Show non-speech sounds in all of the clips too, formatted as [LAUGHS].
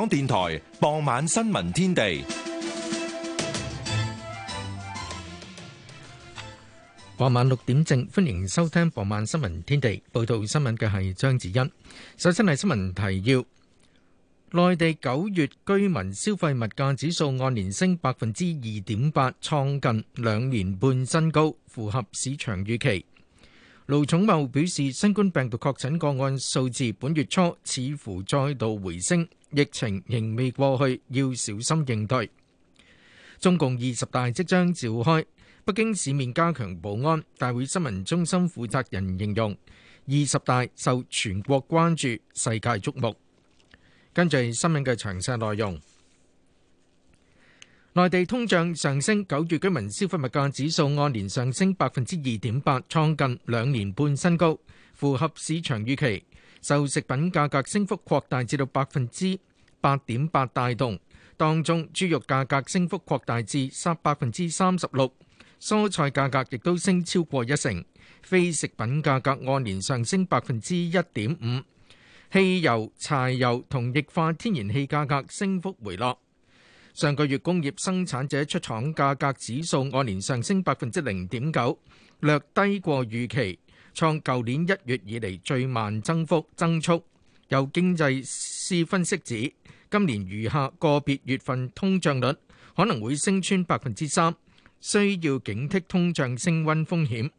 港電台傍晚新聞天地，傍晚六點正，歡迎收聽傍晚新聞天地。報道新聞嘅係張子欣。首先係新聞提要：內地九月居民消費物價指數按年升百分之二點八，創近兩年半新高，符合市場預期。盧寵茂表示，新冠病毒確診個案數字本月初似乎再度回升，疫情仍未過去，要小心應對。中共二十大即將召開，北京市面加強保安。大會新聞中心負責人形容，二十大受全國關注，世界矚目。跟住係新聞嘅詳細內容。內地通脹上升，九月居民消費物價指數按年上升百分之二點八，創近兩年半新高，符合市場預期。受食品價格升幅擴大至到百分之八點八帶動，當中豬肉價格升幅擴大至三百分之三十六，蔬菜價格亦都升超過一成。非食品價格按年上升百分之一點五，汽油、柴油同液化天然氣價格升幅回落。上個月工業生產者出廠價格指數按年上升百分之零點九，略低過預期，創舊年一月以嚟最慢增幅增速。有經濟師分析指，今年餘下個別月份通脹率可能會升穿百分之三，需要警惕通脹升溫風險。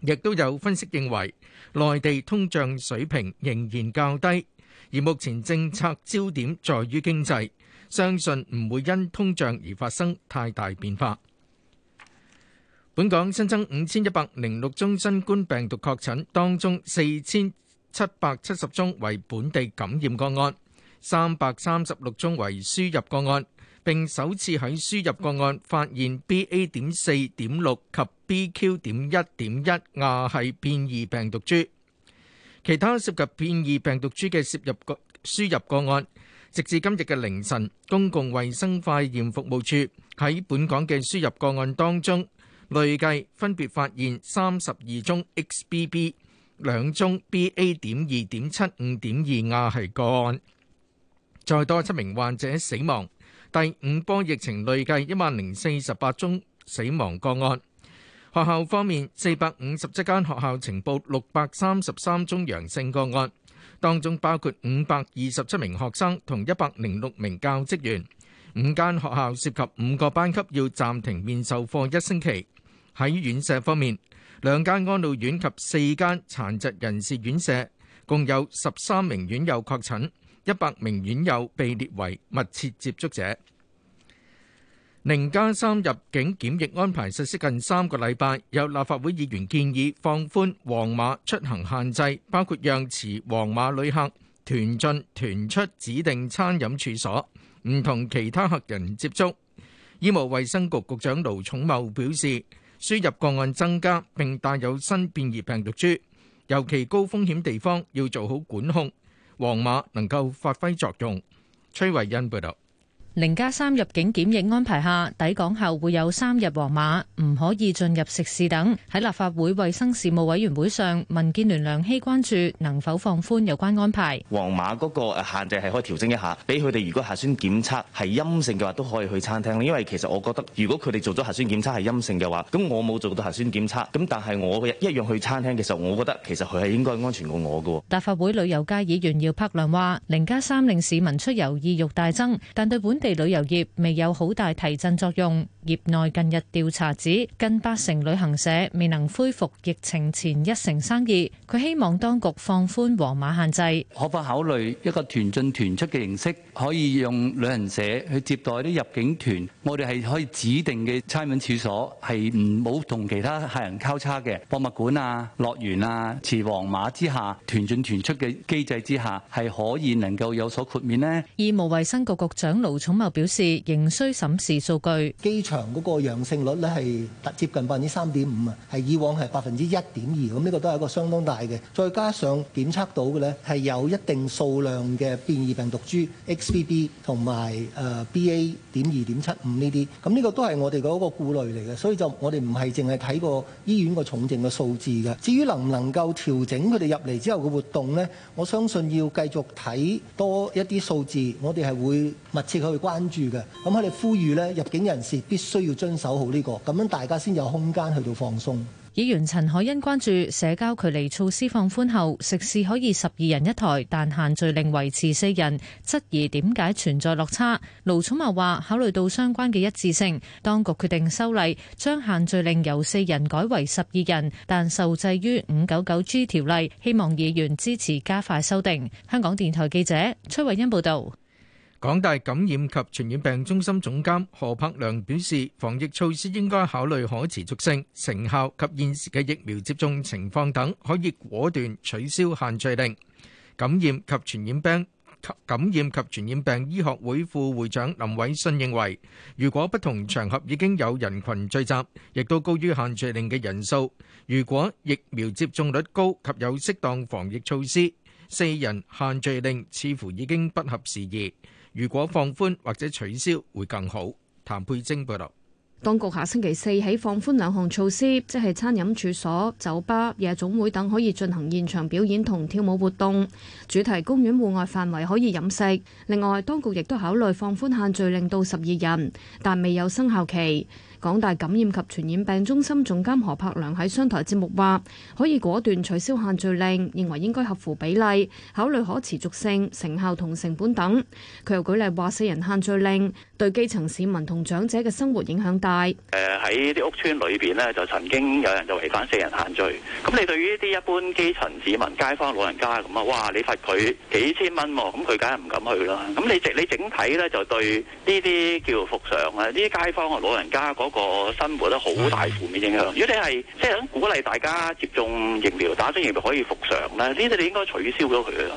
亦都有分析認為，內地通脹水平仍然較低，而目前政策焦點在於經濟。相信唔會因通脹而發生太大變化。本港新增五千一百零六宗新冠病毒確診，當中四千七百七十宗為本地感染個案，三百三十六宗為輸入個案，並首次喺輸入個案發現 BA 點四點六及 BQ 點一點一亞系變異病毒株，其他涉及變異病毒株嘅涉入個輸入個案。直至今日嘅凌晨，公共衛生化驗服務處喺本港嘅輸入個案當中，累計分別發現三十二宗 XBB、兩宗 BA. 點二點七五點二亞系個案，再多七名患者死亡。第五波疫情累計一萬零四十八宗死亡個案。學校方面，四百五十七間學校呈報六百三十三宗陽性個案。當中包括五百二十七名學生同一百零六名教職員，五間學校涉及五個班級要暫停面授課一星期。喺院舍方面，兩間安老院及四間殘疾人士院舍共有十三名院友確診，一百名院友被列為密切接觸者。零加三入境檢疫安排實施近三個禮拜，有立法會議員建議放寬皇馬出行限制，包括讓持皇馬旅客團進團出指定餐飲處所，唔同其他客人接觸。醫務衛生局局長盧寵茂表示，輸入個案增加並帶有新變異病毒株，尤其高風險地方要做好管控。皇馬能夠發揮作用。崔慧恩報導。零加三入境檢疫安排下，抵港後會有三日黃碼，唔可以進入食肆等。喺立法會衛生事務委員會上，民建聯梁熙關注能否放寬有關安排。黃碼嗰個限制係可以調整一下，俾佢哋如果核酸檢測係陰性嘅話，都可以去餐廳。因為其實我覺得，如果佢哋做咗核酸檢測係陰性嘅話，咁我冇做到核酸檢測，咁但係我一樣去餐廳嘅時候，我覺得其實佢係應該安全過我嘅。立法會旅遊界議員姚柏良話，零加三令市民出遊意欲大增，但對本地地旅遊業未有好大提振作用。業內近日調查指，近八成旅行社未能恢復疫情前一成生意。佢希望當局放寬黃碼限制，可否考慮一個團進團出嘅形式？可以用旅行社去接待啲入境團。我哋係可以指定嘅餐飲處所，係唔冇同其他客人交叉嘅博物館啊、樂園啊、持黃碼之下團進團出嘅機制之下，係可以能夠有所豁免呢？而無衛生局局長盧寵茂表示，仍需審視數據。機場嗰個陽性率咧係接近百分之三點五啊，係以往係百分之一點二，咁呢個都係一個相當大嘅。再加上檢測到嘅咧係有一定數量嘅變異病毒株 XBB 同埋誒 BA 點二點七五呢啲，咁呢個都係我哋嗰個顧慮嚟嘅。所以就我哋唔係淨係睇過醫院個重症嘅數字嘅。至於能唔能夠調整佢哋入嚟之後嘅活動呢，我相信要繼續睇多一啲數字，我哋係會密切去關注嘅。咁佢哋呼籲咧入境人士必須需要遵守好呢個，咁樣大家先有空間去到放鬆。議員陳海欣關注社交距離措施放寬後，食肆可以十二人一台，但限聚令維持四人，質疑點解存在落差。盧寵茂話：考慮到相關嘅一致性，當局決定修例，將限聚令由四人改為十二人，但受制於五九九 G 條例，希望議員支持加快修訂。香港電台記者崔慧欣報道。港大感染及傳染病中心總監何柏良表示，防疫措施應該考慮可持續性、成效及現時嘅疫苗接種情況等，可以果斷取消限聚令。感染及傳染病，感染及傳染病醫學會副會長林偉信認為，如果不同場合已經有人群聚集，亦都高於限聚令嘅人數，如果疫苗接種率高及有適當防疫措施，四人限聚令似乎已經不合時宜。如果放寬或者取消會更好。譚佩晶報道，當局下星期四起放寬兩項措施，即係餐飲處所、酒吧、夜總會等可以進行現場表演同跳舞活動，主題公園戶外範圍可以飲食。另外，當局亦都考慮放寬限聚令到十二人，但未有生效期。港大感染及傳染病中心總監何柏良喺商台節目話：可以果斷取消限聚令，認為應該合乎比例，考慮可持續性、成效同成本等。佢又舉例話：四人限聚令，對基層市民同長者嘅生活影響大。誒，喺啲屋村裏邊咧，就曾經有人就違反四人限聚。咁你對於啲一般基層市民、街坊、老人家咁啊，哇！你罰佢幾千蚊，咁佢梗係唔敢去啦。咁你整你整體咧，就對呢啲叫復常啊，呢啲街坊啊、老人家嗰個生活都好大負面影響。嗯嗯、如果你係即係想鼓勵大家接種疫苗、打針疫苗可以復常咧，呢啲你應該取消咗佢啊。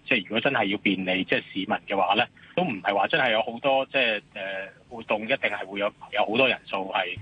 即係如果真係要便利，即係市民嘅話咧，都唔係話真係有好多即係誒活動，一定係會有有好多人數係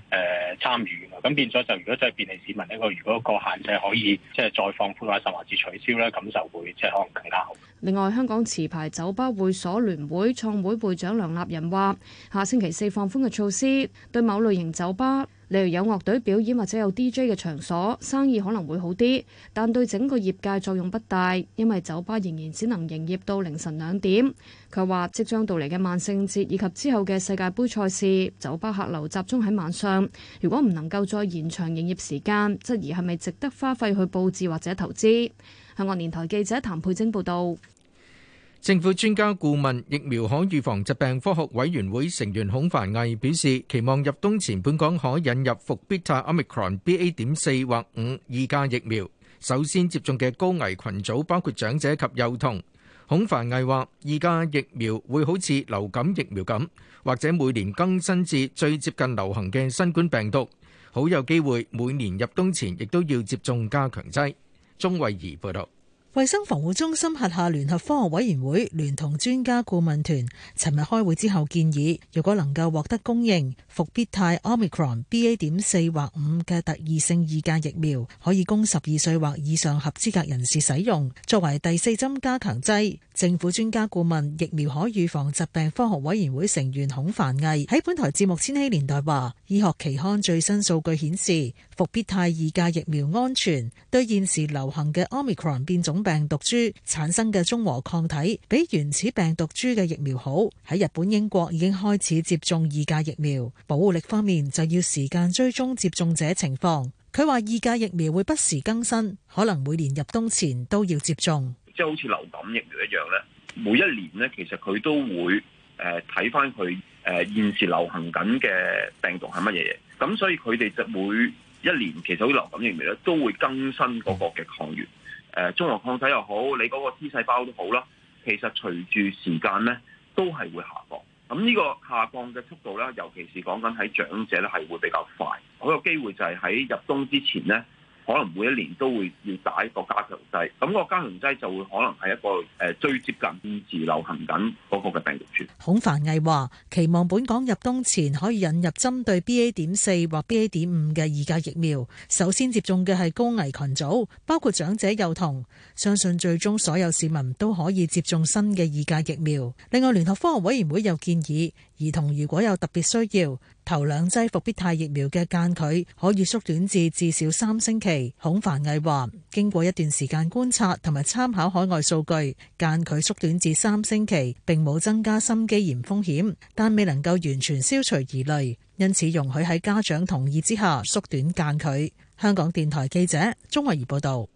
誒參與嘅。咁變咗就，如果真係便利市民呢個，如果個限制可以即係再放寬嘅話，甚至取消咧，咁就會即係可能更加好。另外，香港持牌酒吧會所聯會創會會會長梁立仁話，下星期四放寬嘅措施對某類型酒吧。例如有樂隊表演或者有 DJ 嘅場所，生意可能會好啲，但對整個業界作用不大，因為酒吧仍然只能營業到凌晨兩點。佢話：即將到嚟嘅萬聖節以及之後嘅世界盃賽事，酒吧客流集中喺晚上，如果唔能夠再延長營業時間，質疑係咪值得花費去佈置或者投資。香港電台記者譚佩晶報道。政府專家顧問疫苗可預防疾病科學委員會成員孔凡毅表示，期望入冬前本港可引入復必泰 omicron BA 點四或五二價疫苗。首先接種嘅高危群組包括長者及幼童。孔凡毅話：二價疫苗會好似流感疫苗咁，或者每年更新至最接近流行嘅新冠病毒，好有機會每年入冬前亦都要接種加強劑。鍾慧儀報道。衛生防護中心轄下聯合科學委員會聯同專家顧問團，尋日開會之後建議，如果能夠獲得供應，復必泰 omicron BA. 點四或五嘅特異性二價疫苗，可以供十二歲或以上合資格人士使用，作為第四針加強劑。政府專家顧問疫苗可預防疾病科學委員會成員孔凡毅喺本台節目《千禧年代》話，醫學期刊最新數據顯示，復必泰二價疫苗安全，對現時流行嘅 omicron 變種病毒株產生嘅中和抗體，比原始病毒株嘅疫苗好。喺日本、英國已經開始接種二價疫苗。保護力方面就要時間追蹤接種者情況。佢話二價疫苗會不時更新，可能每年入冬前都要接種。即係好似流感疫苗一樣咧，每一年咧，其實佢都會誒睇翻佢誒現時流行緊嘅病毒係乜嘢嘢，咁所以佢哋就會。一年其實啲流感疫苗咧，都會更新嗰個嘅抗原，誒，中和抗體又好，你嗰個 T 細胞都好啦。其實隨住時間咧，都係會下降。咁呢個下降嘅速度咧，尤其是講緊喺長者咧，係會比較快。好有機會就係喺入冬之前咧。可能每一年都會要打一個加強劑，咁、那個加強劑就會可能係一個誒最接近現時流行緊嗰個嘅病毒株。孔繁毅話：期望本港入冬前可以引入針對 B A. 點四或 B A. 點五嘅二價疫苗，首先接種嘅係高危群組，包括長者、幼童，相信最終所有市民都可以接種新嘅二價疫苗。另外，聯合科學委員會又建議。兒童如果有特別需要，頭兩劑復必泰疫苗嘅間距可以縮短至至少三星期。孔繁毅話：經過一段時間觀察同埋參考海外數據，間距縮短至三星期並冇增加心肌炎風險，但未能夠完全消除疑慮，因此容許喺家長同意之下縮短間距。香港電台記者鍾慧儀報道。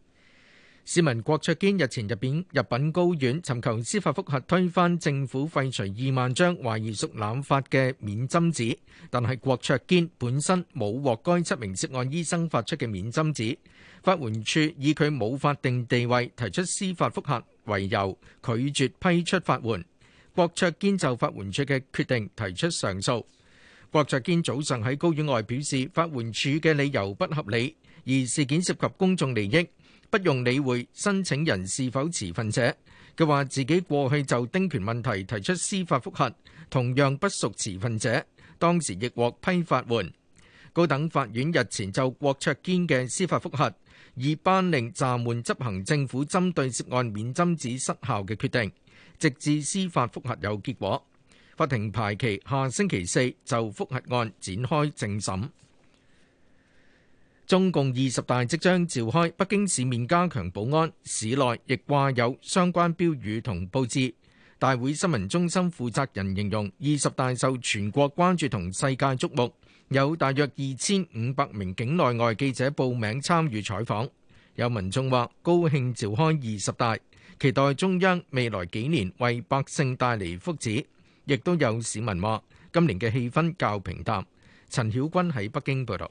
市民郭卓堅日前入邊入稟高院，尋求司法覆核，推翻政府廢除二萬張懷疑屬濫發嘅免針紙。但係郭卓堅本身冇獲該七名涉案醫生發出嘅免針紙，法援署以佢冇法定地位提出司法覆核為由，拒絕批出法援。郭卓堅就法援署嘅決定提出上訴。郭卓堅早上喺高院外表示，法援署嘅理由不合理，而事件涉及公眾利益。不用理會申請人是否持份者，佢話自己過去就丁權問題提出司法覆核，同樣不屬持份者，當時亦獲批法援。高等法院日前就郭卓堅嘅司法覆核，而頒令暫緩執行政府針對涉案免針紙失效嘅決定，直至司法覆核有結果。法庭排期下星期四就覆核案展開正審。中共二十大即將召開，北京市面加強保安，市內亦掛有相關標語同布置。大會新聞中心負責人形容，二十大受全國關注同世界矚目，有大約二千五百名境內外記者報名參與採訪，有民眾話高興召開二十大，期待中央未來幾年為百姓帶嚟福祉。亦都有市民話今年嘅氣氛較平淡。陳曉君喺北京報道。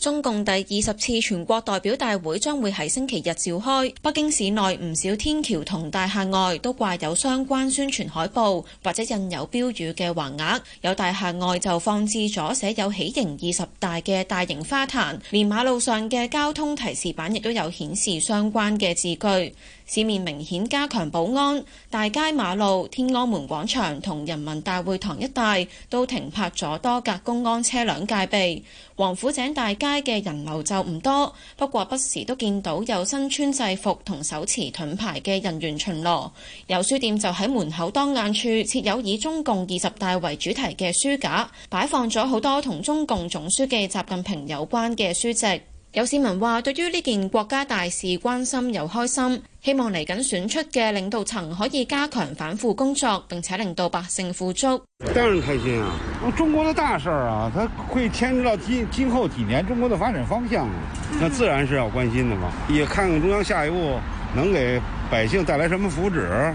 中共第二十次全國代表大會將會喺星期日召開。北京市內唔少天橋同大廈外都掛有相關宣傳海報或者印有標語嘅橫額，有大廈外就放置咗寫有「喜迎二十大」嘅大型花壇，連馬路上嘅交通提示板亦都有顯示相關嘅字句。市面明顯加強保安，大街馬路、天安門廣場同人民大會堂一帶都停泊咗多架公安車輛戒備。王府井大街嘅人流就唔多，不過不時都見到有身穿制服同手持盾牌嘅人員巡邏。有書店就喺門口當眼處設有以中共二十大為主題嘅書架，擺放咗好多同中共總書記習近平有關嘅書籍。有市民話：對於呢件國家大事，關心又開心，希望嚟緊選出嘅領導層可以加強反腐工作，並且令到百姓富足。當然開心啊！中國的大事啊，它會牽涉到今今後幾年中國的發展方向啊，那自然是要關心的嘛。也看看中央下一步能給百姓帶來什麼福祉。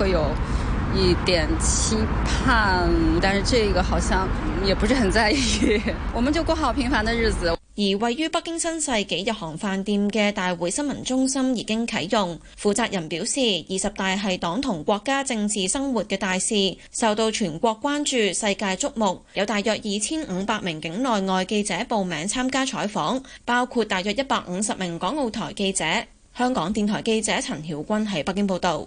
會有一點期盼，但是這個好像也不是很在意。 [LAUGHS] 我們就過好平凡的日子。而位於北京新世紀日航飯店嘅大會新聞中心已經啟用。負責人表示，二十大係黨同國家政治生活嘅大事，受到全國關注、世界矚目。有大約二千五百名境內外記者報名參加採訪，包括大約一百五十名港澳台記者。香港電台記者陳曉君喺北京報道。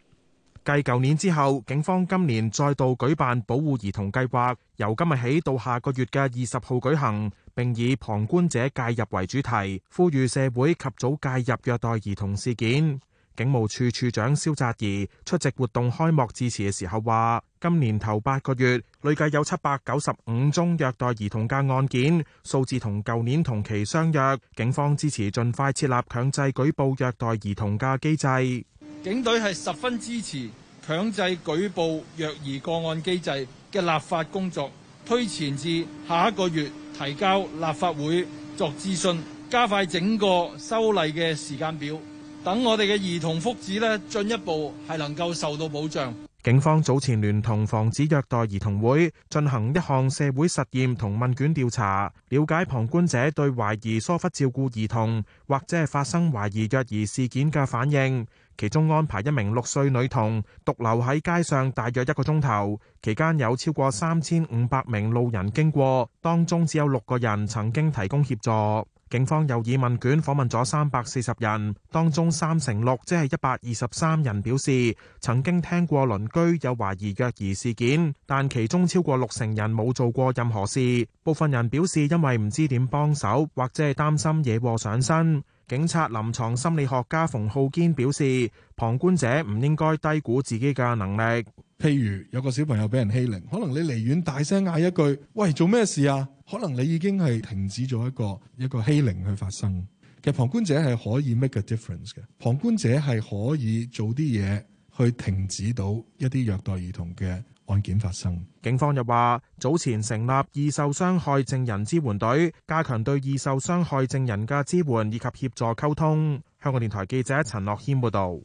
繼舊年之後，警方今年再度舉辦保護兒童計劃，由今日起到下個月嘅二十號舉行，並以旁觀者介入為主題，呼籲社會及早介入虐待兒童事件。警務處處長蕭澤頤出席活動開幕致辭嘅時候話，今年頭八個月累計有七百九十五宗虐待兒童嘅案件，數字同舊年同期相若。警方支持盡快設立強制舉報虐待兒童嘅機制。警隊係十分支持強制舉報虐兒個案機制嘅立法工作，推前至下一個月提交立法會作諮詢，加快整個修例嘅時間表，等我哋嘅兒童福祉呢進一步係能夠受到保障。警方早前聯同防止虐待兒童會進行一項社會實驗同問卷調查，了解旁觀者對懷疑疑疏忽照顧兒童或者係發生懷疑虐兒事件嘅反應。其中安排一名六歲女童獨留喺街上大約一個鐘頭，期間有超過三千五百名路人經過，當中只有六個人曾經提供協助。警方又以問卷訪問咗三百四十人，當中三成六，即係一百二十三人表示曾經聽過鄰居有懷疑虐兒事件，但其中超過六成人冇做過任何事。部分人表示因為唔知點幫手，或者係擔心惹禍上身。警察、臨床心理學家馮浩堅表示，旁觀者唔應該低估自己嘅能力。譬如有個小朋友俾人欺凌，可能你離遠大聲嗌一句：「喂，做咩事啊？可能你已經係停止咗一個一個欺凌去發生。其實旁觀者係可以 make a difference 嘅，旁觀者係可以做啲嘢去停止到一啲虐待兒童嘅。案件發生，警方又話早前成立易受傷害證人支援隊，加強對易受傷害證人嘅支援，以及協助溝通。香港電台記者陳樂謙報道。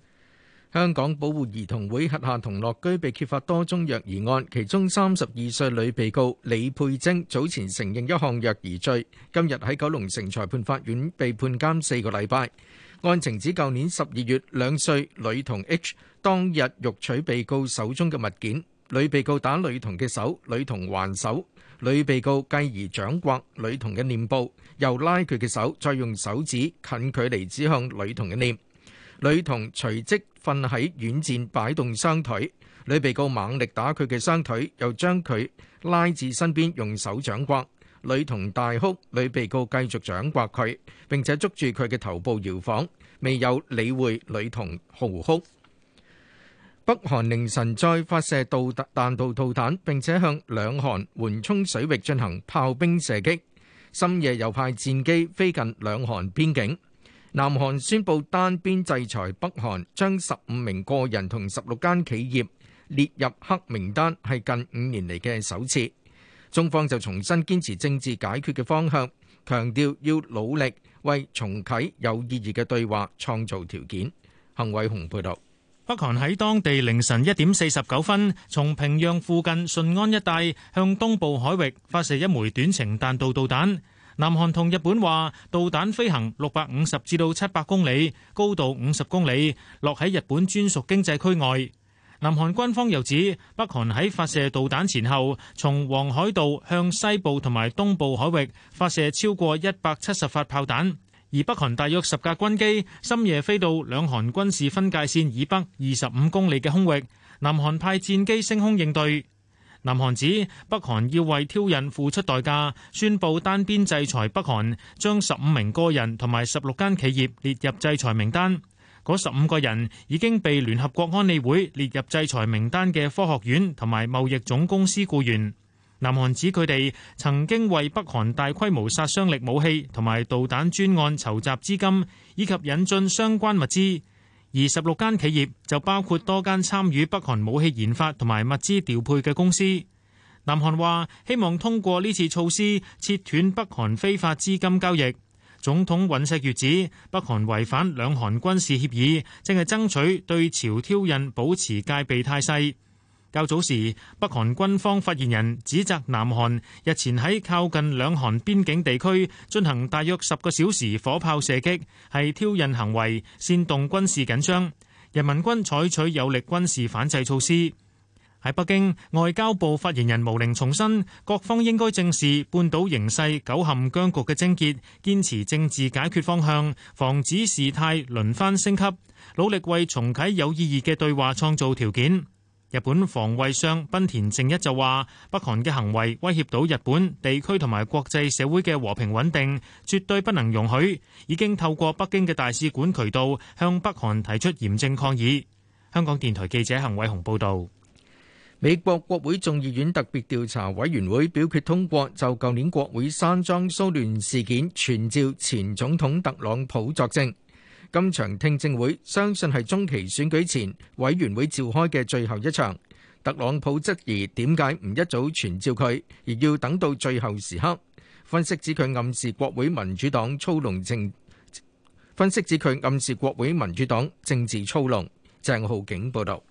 香港保護兒童會轄下童樂居被揭發多宗虐兒案，其中三十二歲女被告李佩貞早前承認一項虐兒罪，今日喺九龍城裁判法院被判監四個禮拜。案情指，舊年十二月兩歲女童 H 當日欲取被告手中嘅物件。女被告打女童嘅手，女童還手，女被告繼而掌摑女童嘅面部，又拉佢嘅手，再用手指近距離指向女童嘅面，女童隨即瞓喺軟墊擺動雙腿，女被告猛力打佢嘅雙腿，又將佢拉至身邊用手掌摑，女童大哭，女被告繼續掌摑佢，並且捉住佢嘅頭部搖晃，未有理會女童嚎哭。北韓凌晨再發射導彈、彈道導彈，並且向兩韓緩衝水域進行炮兵射擊。深夜又派戰機飛近兩韓邊境。南韓宣布單邊制裁北韓，將十五名個人同十六間企業列入黑名單，係近五年嚟嘅首次。中方就重新堅持政治解決嘅方向，強調要努力為重啟有意義嘅對話創造條件。彭偉雄報道。北韓喺當地凌晨一點四十九分，從平壤附近順安一帶向東部海域發射一枚短程彈道導彈。南韓同日本話，導彈飛行六百五十至到七百公里，高度五十公里，落喺日本專屬經濟區外。南韓軍方又指，北韓喺發射導彈前後，從黃海道向西部同埋東部海域發射超過一百七十發炮彈。而北韓大約十架軍機深夜飛到兩韓軍事分界線以北二十五公里嘅空域，南韓派戰機升空應對。南韓指北韓要為挑釁付出代價，宣佈單邊制裁北韓，將十五名個人同埋十六間企業列入制裁名單。嗰十五個人已經被聯合國安理會列入制裁名單嘅科學院同埋貿易總公司僱員。南韓指佢哋曾經為北韓大規模殺傷力武器同埋導彈專案籌集資金，以及引進相關物資。而十六間企業就包括多間參與北韓武器研發同埋物資調配嘅公司。南韓話希望通過呢次措施切斷北韓非法資金交易。總統尹錫悦指北韓違反兩韓軍事協議，正係爭取對朝挑釁保持戒備態勢。較早時，北韓軍方發言人指責南韓日前喺靠近兩韓邊境地區進行大約十個小時火炮射擊，係挑釁行為，煽動軍事緊張。人民軍採取有力軍事反制措施。喺北京，外交部發言人毛寧重申，各方應該正視半島形勢久陷僵局嘅症結，堅持政治解決方向，防止事態輪番升級，努力為重啟有意義嘅對話創造條件。日本防衛相濱田正一就話：北韓嘅行為威脅到日本地區同埋國際社會嘅和平穩定，絕對不能容許。已經透過北京嘅大使館渠道向北韓提出嚴正抗議。香港電台記者邢偉雄報道。美國國會眾議院特別調查委員會表決通過，就舊年國會山莊騷亂事件傳召前總統特朗普作證。今場聽證會相信係中期選舉前委員會召開嘅最後一場。特朗普質疑點解唔一早傳召佢，而要等到最後時刻。分析指佢暗示國會民主黨操弄政，分析指佢暗示國會民主黨政治操弄。鄭浩景報道。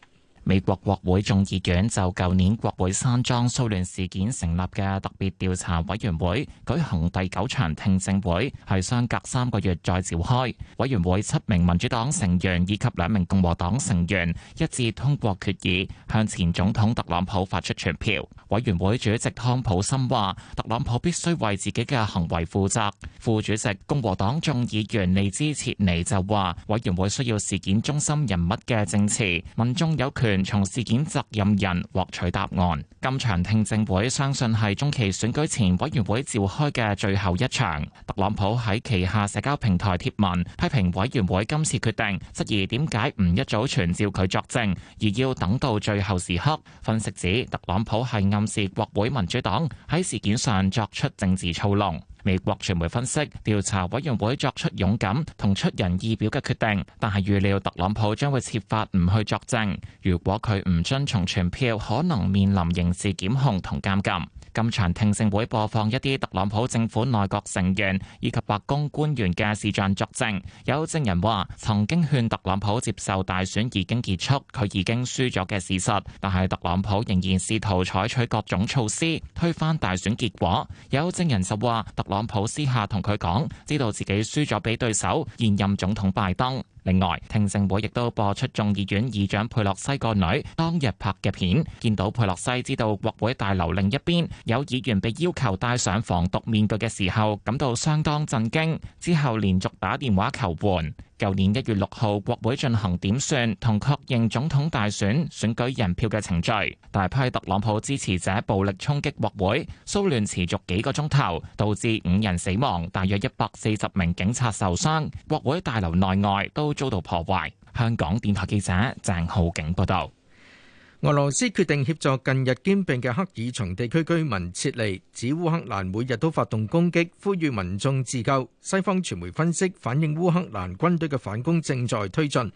美國國會眾議院就舊年國會山莊騷亂事件成立嘅特別調查委員會舉行第九場聽證會，係相隔三個月再召開。委員會七名民主黨成員以及兩名共和黨成員一致通過決議，向前總統特朗普發出傳票。委員會主席湯普森話：特朗普必須為自己嘅行為負責。副主席共和黨眾議員利茲切尼就話：委員會需要事件中心人物嘅證詞，民眾有權。從事件責任人獲取答案。今場聽證會相信係中期選舉前委員會召開嘅最後一場。特朗普喺旗下社交平台貼文批評委員會今次決定，質疑點解唔一早傳召佢作證，而要等到最後時刻。分析指，特朗普係暗示國會民主黨喺事件上作出政治操弄。美國傳媒分析調查委員會作出勇敢同出人意表嘅決定，但係預料特朗普將會設法唔去作證。如果佢唔遵從傳票，可能面臨刑事檢控同監禁。今場聽證會播放一啲特朗普政府內閣成員以及白宮官員嘅視像作證。有證人話曾經勸特朗普接受大選已經結束，佢已經輸咗嘅事實。但係特朗普仍然試圖採取各種措施推翻大選結果。有證人就話特朗普私下同佢講，知道自己輸咗畀對手現任總統拜登。另外，聽證會亦都播出眾議院議長佩洛西個女當日拍嘅片，見到佩洛西知道國會大樓另一邊有議員被要求戴上防毒面具嘅時候，感到相當震驚，之後連續打電話求援。舊年一月六號，國會進行點算同確認總統大選選舉人票嘅程序，大批特朗普支持者暴力衝擊國會，騷亂持續幾個鐘頭，導致五人死亡，大約一百四十名警察受傷，國會大樓內外都遭到破壞。香港電台記者鄭浩景報道。俄羅斯決定協助近日兼併嘅克爾松地區居民撤離，指烏克蘭每日都發動攻擊，呼籲民眾自救。西方傳媒分析，反映烏克蘭軍隊嘅反攻正在推進。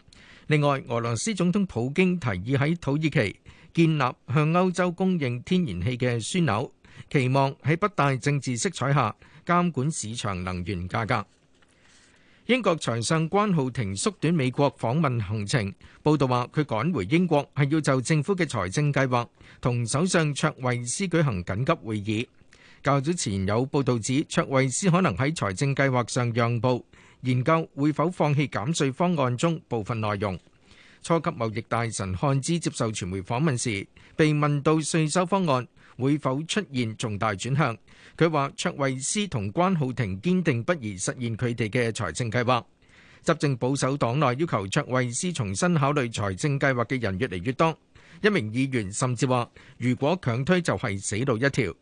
另外，俄羅斯總統普京提議喺土耳其建立向歐洲供應天然氣嘅樞紐，期望喺不帶政治色彩下監管市場能源價格。英國財相關浩庭縮短美國訪問行程，報道話佢趕回英國係要就政府嘅財政計劃同首相卓慧斯舉行緊急會議。較早前有報道指卓慧斯可能喺財政計劃上讓步，研究會否放棄減稅方案中部分內容。初級貿易大臣漢茲接受傳媒訪問時被問到稅收方案。會否出現重大轉向？佢話卓慧斯同關浩庭堅定不移實現佢哋嘅財政計劃。執政保守黨內要求卓慧斯重新考慮財政計劃嘅人越嚟越多，一名議員甚至話：如果強推就係死路一條。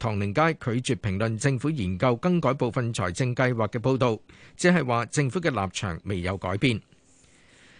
唐寧街拒絕評論政府研究更改部分財政計劃嘅報道，只係話政府嘅立場未有改變。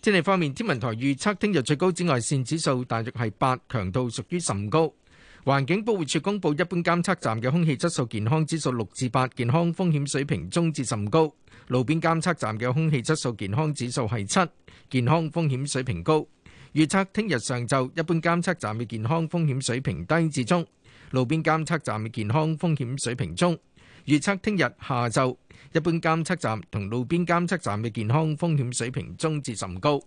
天氣方面，天文台預測聽日最高紫外線指數大約係八，強度屬於甚高。環境保護署公布一般監測站嘅空氣質素健康指數六至八，健康風險水平中至甚高。路邊監測站嘅空氣質素健康指數係七，健康風險水平高。預測聽日上晝一般監測站嘅健康風險水平低至中，路邊監測站嘅健康風險水平中。預測聽日下晝。一般監測站同路邊監測站嘅健康風險水平中至甚高。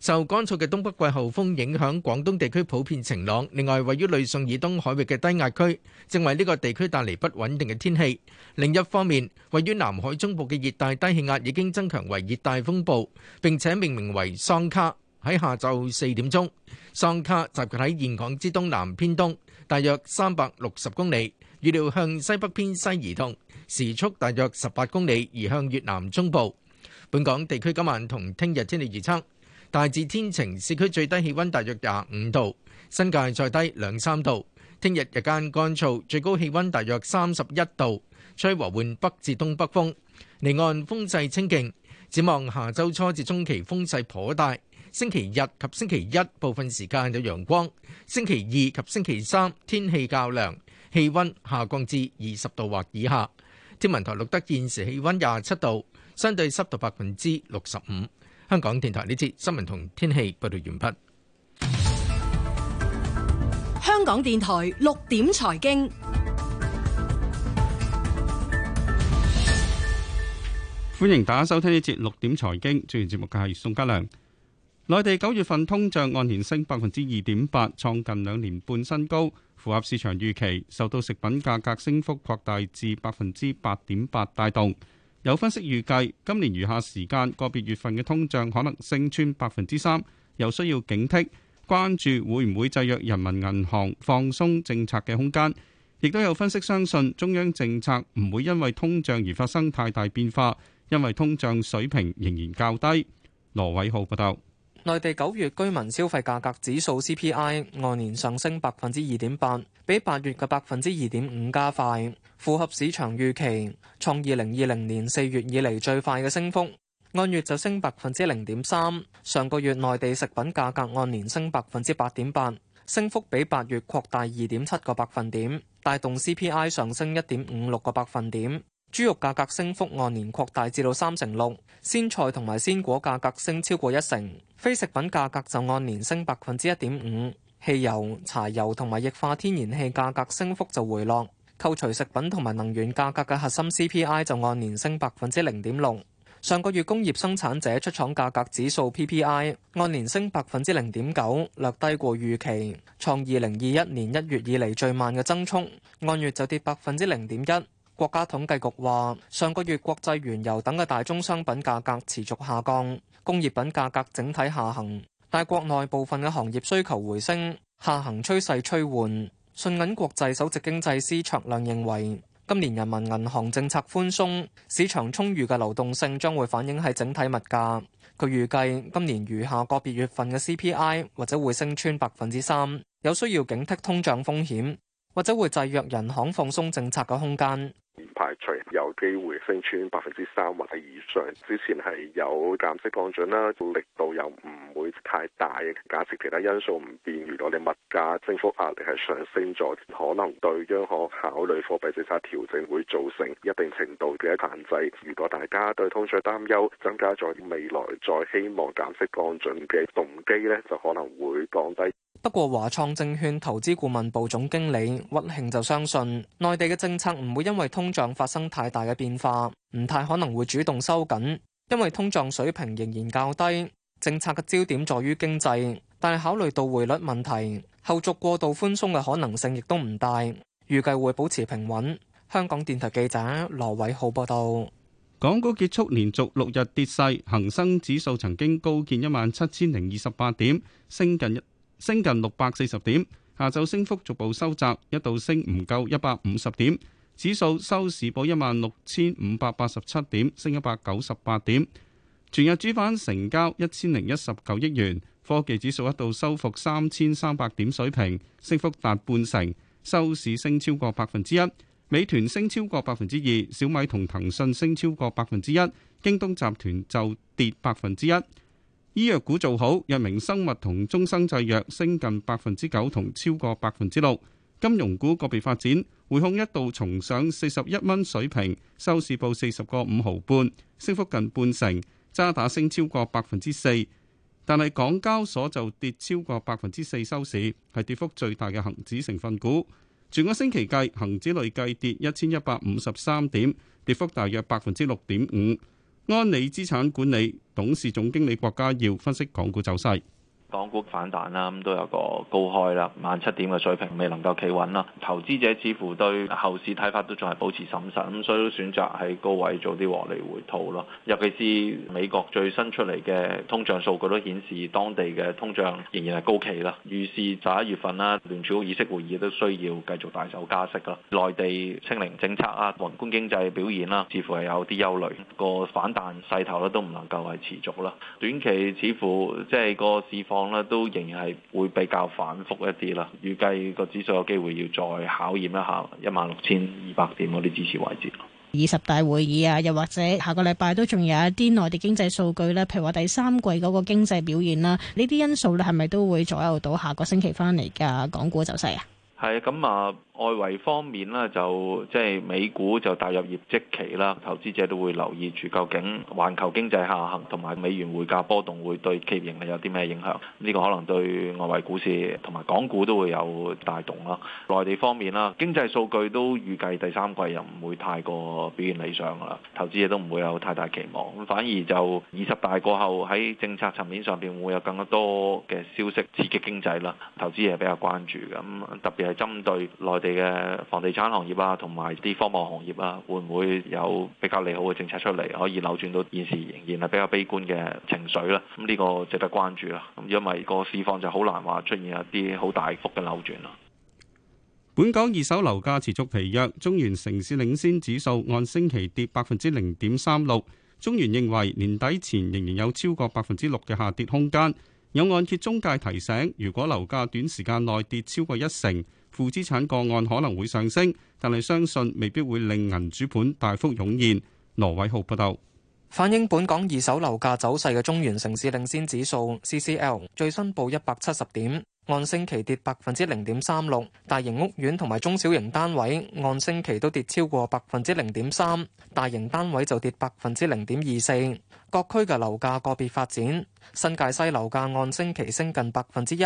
受乾燥嘅東北季候風影響，廣東地區普遍晴朗。另外，位於呂宋以東海域嘅低壓區，正為呢個地區帶嚟不穩定嘅天氣。另一方面，位於南海中部嘅熱帶低氣壓已經增強為熱帶風暴，並且命名為桑卡。喺下晝四點鐘，桑卡集結喺現港之東南偏東，大約三百六十公里，預料向西北偏西移動。時速大約十八公里，移向越南中部。本港地區今晚同聽日天氣預測，大致天晴，市區最低氣温大約廿五度，新界再低兩三度。聽日日間乾燥，最高氣温大約三十一度，吹和緩北至東北風。離岸風勢清勁，展望下週初至中期風勢頗大。星期日及星期一部分時間有陽光，星期二及星期三天氣較涼，氣温下降至二十度或以下。天文台錄得現時氣温廿七度，相對濕度百分之六十五。香港電台呢節新聞同天氣報道完畢。香港電台六點財經，歡迎大家收聽呢節六點財經。主持節目嘅係宋嘉良。內地九月份通脹按年升百分之二點八，創近兩年半新高，符合市場預期。受到食品價格升幅擴大至百分之八點八帶動。有分析預計今年餘下時間個別月份嘅通脹可能升穿百分之三，有需要警惕。關注會唔會制約人民銀行放鬆政策嘅空間。亦都有分析相信中央政策唔會因為通脹而發生太大變化，因為通脹水平仍然較低。羅偉浩報道。內地九月居民消費價格指數 CPI 按年上升百分之二點八，比八月嘅百分之二點五加快，符合市場預期，創二零二零年四月以嚟最快嘅升幅。按月就升百分之零點三。上個月內地食品價格按年升百分之八點八，升幅比八月擴大二點七個百分點，帶動 CPI 上升一點五六個百分點。豬肉價格升幅按年擴大至到三成六，鮮菜同埋鮮果價格升超過一成。非食品價格就按年升百分之一點五，汽油、柴油同埋液化天然氣價格升幅就回落。扣除食品同埋能源價格嘅核心 CPI 就按年升百分之零點六。上個月工業生產者出廠價格指數 PPI 按年升百分之零點九，略低過預期，創二零二一年一月以嚟最慢嘅增速，按月就跌百分之零點一。國家統計局話，上個月國際原油等嘅大宗商品價格持續下降，工業品價格整體下行，但國內部分嘅行業需求回升，下行趨勢趨緩。信銀國際首席經濟師卓亮認為，今年人民銀行政策寬鬆，市場充裕嘅流動性將會反映喺整體物價。佢預計今年餘下個別月份嘅 CPI 或者會升穿百分之三，有需要警惕通脹風險。或者會制約人行放鬆政策嘅空間。唔排除有機會升穿百分之三或係以上。之前係有減息降準啦，力度又唔會太大。假設其他因素唔變，如果你物價增幅壓力係上升咗，可能對央行考慮貨幣政策調整會造成一定程度嘅限制。如果大家對通脹擔憂，增加咗未來再希望減息降準嘅動機咧，就可能會降低。不過華創證券投資顧問部總經理屈慶就相信，內地嘅政策唔會因為通。通脹發生太大嘅變化，唔太可能會主動收緊，因為通脹水平仍然較低。政策嘅焦點在於經濟，但係考慮到匯率問題，後續過度寬鬆嘅可能性亦都唔大，預計會保持平穩。香港電台記者羅偉浩報道。港股結束連續六日跌勢，恒生指數曾經高見一萬七千零二十八點，升近，升近六百四十點，下晝升幅逐步收窄，一度升唔夠一百五十點。指數收市報一萬六千五百八十七點，升一百九十八點。全日主板成交一千零一十九億元。科技指數一度收復三千三百點水平，升幅達半成，收市升超過百分之一。美團升超過百分之二，小米同騰訊升超過百分之一，京東集團就跌百分之一。醫藥股做好，藥明生物同中生製藥升近百分之九同超過百分之六。金融股個別發展，匯控一度重上四十一蚊水平，收市報四十個五毫半，升幅近半成，渣打升超過百分之四。但係港交所就跌超過百分之四，收市係跌幅最大嘅恒指成分股。全個星期計，恒指累計跌一千一百五十三點，跌幅大約百分之六點五。安理資產管理董事總經理郭家耀分析港股走勢。港股反彈啦，咁都有個高開啦，萬七點嘅水平未能夠企穩啦。投資者似乎對後市睇法都仲係保持審慎，咁所以都選擇喺高位做啲獲利回吐咯。尤其是美國最新出嚟嘅通脹數據都顯示，當地嘅通脹仍然係高企啦。於是十一月份啦，聯儲局議息會議都需要繼續大手加息啦。內地清零政策啊，宏觀經濟表現啦，似乎係有啲憂慮，個反彈勢頭咧都唔能夠係持續啦。短期似乎即係個市況。都仍然係會比較反復一啲啦，預計個指數有機會要再考驗一下一萬六千二百點嗰啲支持位置。二十大會議啊，又或者下個禮拜都仲有一啲內地經濟數據咧，譬如話第三季嗰個經濟表現啦，呢啲因素咧係咪都會左右到下個星期翻嚟噶港股走勢啊？係咁啊，外圍方面呢，就即係美股就踏入業績期啦，投資者都會留意住究竟環球經濟下行同埋美元匯價波動會對企業盈利有啲咩影響？呢個可能對外圍股市同埋港股都會有帶動啦。內地方面啦，經濟數據都預計第三季又唔會太過表現理想噶啦，投資者都唔會有太大期望。反而就二十大過後喺政策層面上邊會有更加多嘅消息刺激經濟啦，投資者比較關注咁，特別係針對內地嘅房地產行業啊，同埋啲科網行業啊，會唔會有比較利好嘅政策出嚟，可以扭轉到現時仍然係比較悲觀嘅情緒咧？咁呢個值得關注啦。咁因為個市況就好難話出現一啲好大幅嘅扭轉啦。本港二手樓價持續疲弱，中原城市領先指數按星期跌百分之零點三六。中原認為年底前仍然有超過百分之六嘅下跌空間。有按揭中介提醒，如果樓價短時間內跌超過一成，負資產個案可能會上升，但係相信未必會令銀主盤大幅湧現。羅偉浩報道，反映本港二手樓價走勢嘅中原城市領先指數 （CCL） 最新報一百七十點，按星期跌百分之零點三六。大型屋苑同埋中小型單位按星期都跌超過百分之零點三，大型單位就跌百分之零點二四。各區嘅樓價個別發展，新界西樓價按星期升近百分之一。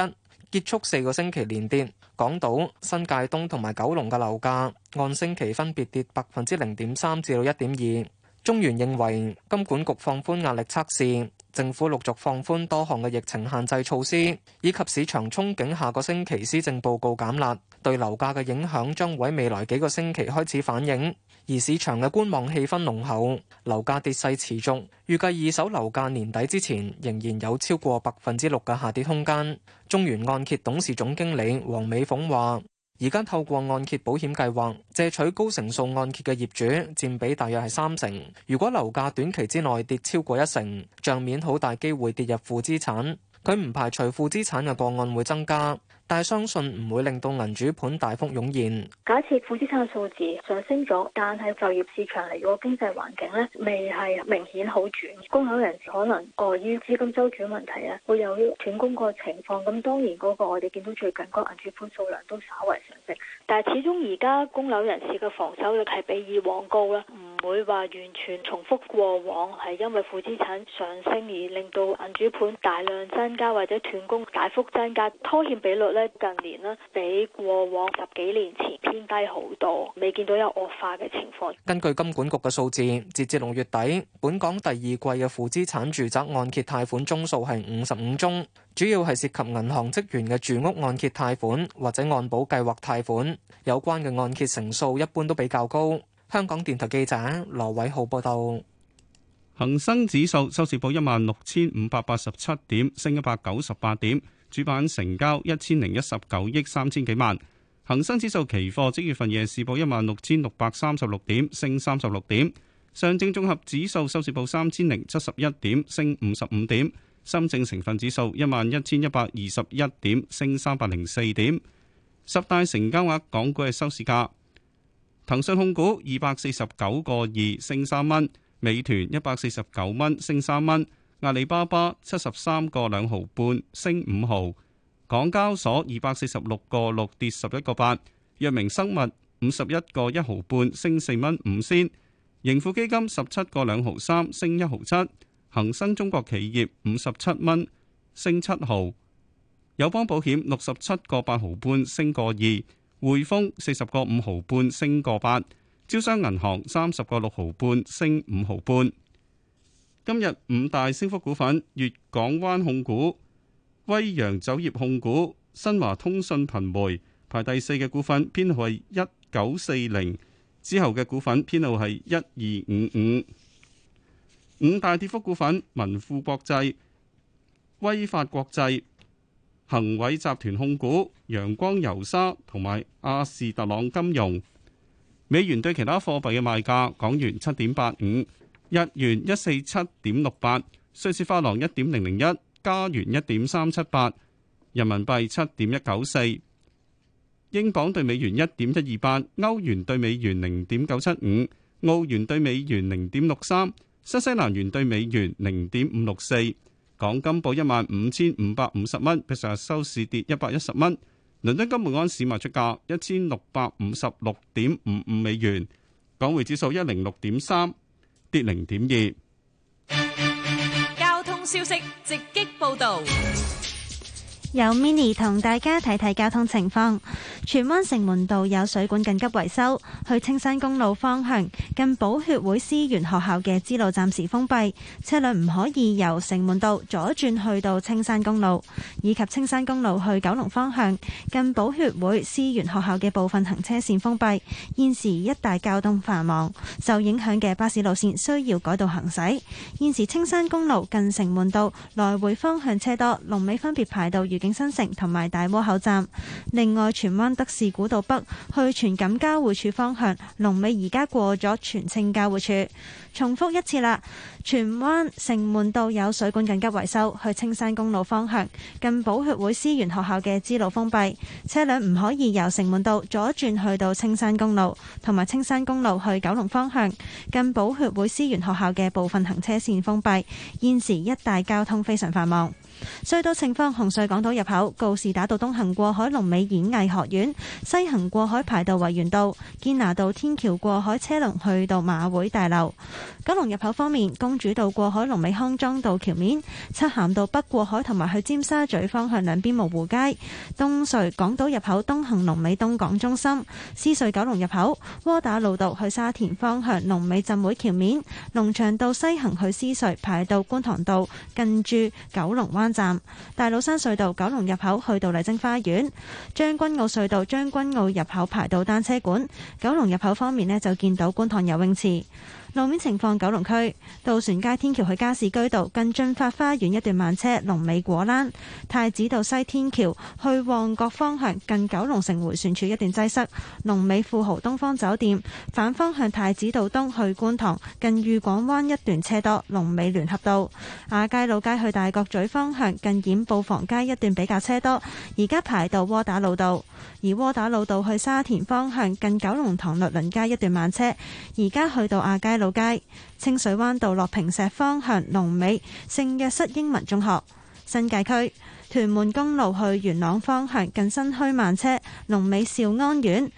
結束四個星期連跌，港島、新界東同埋九龍嘅樓價按星期分別跌百分之零點三至到一點二。中原認為金管局放寬壓力測試，政府陸續放寬多項嘅疫情限制措施，以及市場憧憬下個星期施政報告減辣，對樓價嘅影響將會喺未來幾個星期開始反映。而市場嘅觀望氣氛濃厚，樓價跌勢持續，預計二手樓價年底之前仍然有超過百分之六嘅下跌空間。中原按揭董事總經理黃美鳳話，而家透過按揭保險計劃借取高成數按揭嘅業主佔比大約係三成，如果樓價短期之內跌超過一成，帳面好大機會跌入負資產。佢唔排除負資產嘅個案會增加。但係相信唔會令到銀主盤大幅湧現。假設負資產嘅數字上升咗，但係就業市場嚟個經濟環境咧，未係明顯好轉。供樓人士可能礙於資金周轉問題咧，會有斷供個情況。咁當然，嗰個我哋見到最近個銀主盤數量都稍為上升，但係始終而家供樓人士嘅防守力係比以往高啦，唔會話完全重複過往，係因為負資產上升而令到銀主盤大量增加或者斷供大幅增加、拖欠比率，近年呢，比過往十幾年前偏低好多，未見到有惡化嘅情況。根據金管局嘅數字，截至六月底，本港第二季嘅負資產住宅按揭貸款宗數係五十五宗，主要係涉及銀行職員嘅住屋按揭貸款或者按保計劃貸款，有關嘅按揭成數一般都比較高。香港電台記者羅偉浩報道。恒生指數收市報一萬六千五百八十七點，升一百九十八點。主板成交一千零一十九億三千幾萬，恒生指數期貨即月份夜市報一萬六千六百三十六點，升三十六點。上證綜合指數收市報三千零七十一點，升五十五點。深證成分指數一萬一千一百二十一點，升三百零四點。十大成交額港股嘅收市價，騰訊控股二百四十九個二，升三蚊。美團一百四十九蚊，升三蚊。阿里巴巴七十三個兩毫半升五毫，港交所二百四十六個六跌十一個八，藥明生物五十一個一毫半升四蚊五仙，盈富基金十七個兩毫三升一毫七，恒生中國企業五十七蚊升七毫，友邦保險六十七個八毫半升個二，匯豐四十個五毫半升個八，招商銀行三十個六毫半升五毫半。今日五大升幅股份：粵港灣控股、威揚酒業控股、新華通訊頻媒，排第四嘅股份編號係一九四零，之後嘅股份編號係一二五五。五大跌幅股份：文富國際、威發國際、恒偉集團控股、陽光油砂同埋阿士特朗金融。美元對其他貨幣嘅賣價：港元七點八五。日元一四七點六八，瑞士法郎一點零零一，加元一點三七八，人民幣七點一九四，英鎊兌美元一點一二八，歐元兌美元零點九七五，澳元兌美元零點六三，新西蘭元兌美元零點五六四。港金報一萬五千五百五十蚊，比上日收市跌一百一十蚊。倫敦金每盎司賣出價一千六百五十六點五五美元，港匯指數一零六點三。跌零點二。交通消息直擊報道。有 Mini 同大家睇睇交通情況。荃灣城門道有水管緊急維修，去青山公路方向近寶血會思源學校嘅支路暫時封閉，車輛唔可以由城門道左轉去到青山公路，以及青山公路去九龍方向近寶血會思源學校嘅部分行車線封閉。現時一帶交通繁忙，受影響嘅巴士路線需要改道行駛。現時青山公路近城門道來回方向車多，龍尾分別排到裕。新城同埋大窩口站。另外，荃灣德士古道北去荃錦交匯處方向，龍尾而家過咗荃錦交匯處。重複一次啦，荃灣城門道有水管緊急維修，去青山公路方向，近寶血會思源學校嘅支路封閉，車輛唔可以由城門道左轉去到青山公路，同埋青山公路去九龍方向，近寶血會思源學校嘅部分行車線封閉，現時一帶交通非常繁忙。隧道情況：紅隧港島入口告士打道東行過海，龍尾演藝學院；西行過海排到維園道，堅拿道天橋過海車龍去到馬會大樓。九龍入口方面，公主道過海龍尾康莊道橋面，漆咸道北過海同埋去尖沙咀方向兩邊蕪湖街。東隧港島入口東行龍尾東港中心，獅隧九龍入口窩打老道去沙田方向龍尾浸會橋面，龍翔道西行去獅隧排到觀塘道近住九龍灣。站大老山隧道九龍入口去到麗晶花園，將軍澳隧道將軍澳入口排到單車館，九龍入口方面呢，就見到觀塘游泳池。路面情況：九龍區渡船街天橋去加士居道近俊發花園一段慢車；龍尾果欄太子道西天橋去旺角方向近九龍城迴旋處一段擠塞；龍尾富豪東方酒店反方向太子道東去觀塘近裕港灣一段車多；龍尾聯合道亞皆老街去大角咀方向近染布房街一段比較車多，而家排到窩打老道；而窩打老道去沙田方向近九龍塘律倫街一段慢車，而家去到亞皆老道街，清水灣道落坪石方向龍尾聖約瑟英文中學。新界區屯門公路去元朗方向近新墟慢車，龍尾兆安苑，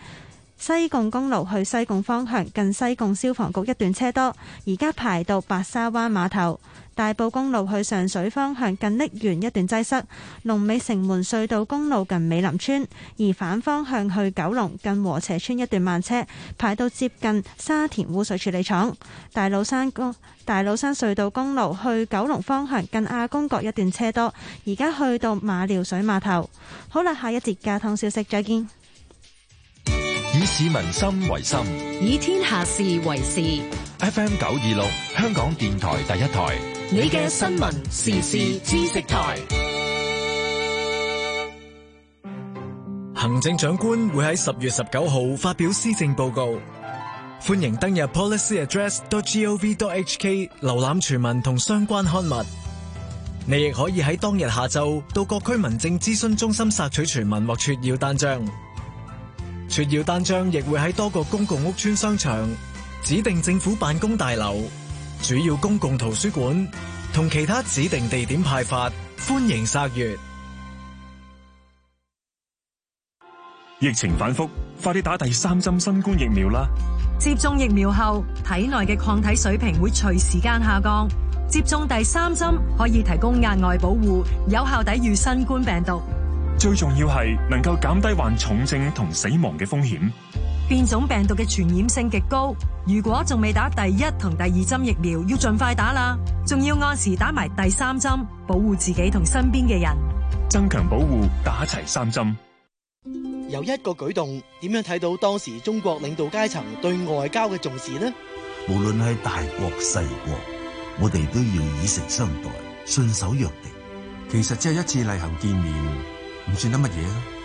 西貢公路去西貢方向近西貢消防局一段車多，而家排到白沙灣碼頭。大埔公路去上水方向近瀝源一段擠塞，龍尾城門隧道公路近美林村；而反方向去九龍近禾輋村一段慢車排到接近沙田污水處理廠。大老山公大老山隧道公路去九龍方向近亞公角一段車多，而家去到馬料水碼頭。好啦，下一節交通消息，再見。以市民心為心，以天下事為事。F.M. 九二六，香港電台第一台。你嘅新聞時事知識台，行政長官會喺十月十九號發表施政報告。歡迎登入 policyaddress.gov.hk 瀏覽全文同相關刊物。你亦可以喺當日下晝到各區民政諮詢中心索取全文或撮要單張。撮要單張亦會喺多個公共屋邨、商場、指定政府辦公大樓，主要公共圖書館同其他指定地點派發，歡迎殺月。疫情反覆，快啲打第三針新冠疫苗啦！接種疫苗後，體內嘅抗體水平會隨時間下降。接種第三針可以提供額外保護，有效抵禦新冠病毒。最重要係能夠減低患重症同死亡嘅風險。變種病毒嘅傳染性極高，如果仲未打第一同第二針疫苗，要盡快打啦。仲要按時打埋第三針，保護自己同身邊嘅人，增強保護，打齊三針。有一個舉動，點樣睇到當時中國領導階層對外交嘅重視呢？無論係大國細國，我哋都要以誠相待，信守約定。其實只係一次例行見面，唔算得乜嘢。